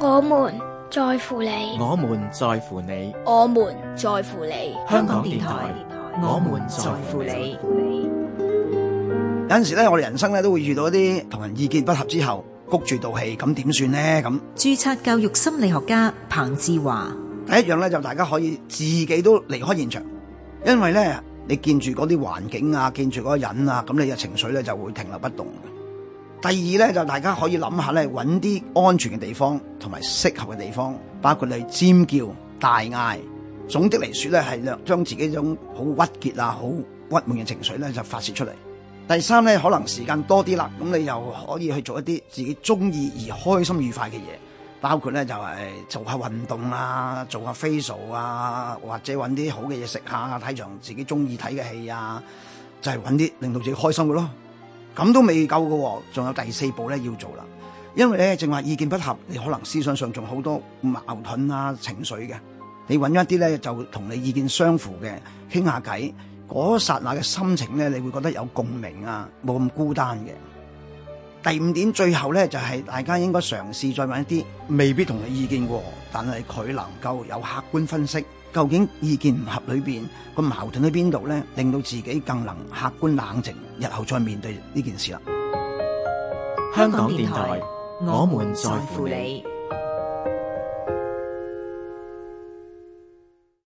我們在乎你，我們在乎你，我們在乎你。香港電台，我們在乎你。有陣時咧，我哋人生咧都會遇到一啲同人意見不合之後，谷住道氣，咁點算呢？咁註冊教育心理學家彭智華，第一樣咧就大家可以自己都離開現場，因為咧你見住嗰啲環境啊，見住嗰個人啊，咁你嘅情緒咧就會停留不動。第二咧就大家可以諗下咧，揾啲安全嘅地方同埋適合嘅地方，包括你尖叫、大嗌。總的嚟説咧，係將自己種好鬱結啊、好鬱悶嘅情緒咧，就發泄出嚟。第三咧，可能時間多啲啦，咁你又可以去做一啲自己中意而開心愉快嘅嘢，包括咧就係做下運動啊，做下 facial 啊，或者揾啲好嘅嘢食下啊，睇場自己中意睇嘅戲啊，就係揾啲令到自己開心嘅咯。咁都未夠喎，仲有第四步咧要做啦。因為咧，正話意見不合，你可能思想上仲好多矛盾啊、情緒嘅。你揾一啲咧就同你意見相符嘅，傾下偈，嗰剎那嘅心情咧，你會覺得有共鳴啊，冇咁孤單嘅。第五點，最後咧就係大家應該嘗試再揾一啲，未必同你意見過，但係佢能夠有客觀分析。究竟意見唔合裡邊個矛盾喺邊度咧？令到自己更能客觀冷靜，日後再面對呢件事啦。香港電台，我們在乎你。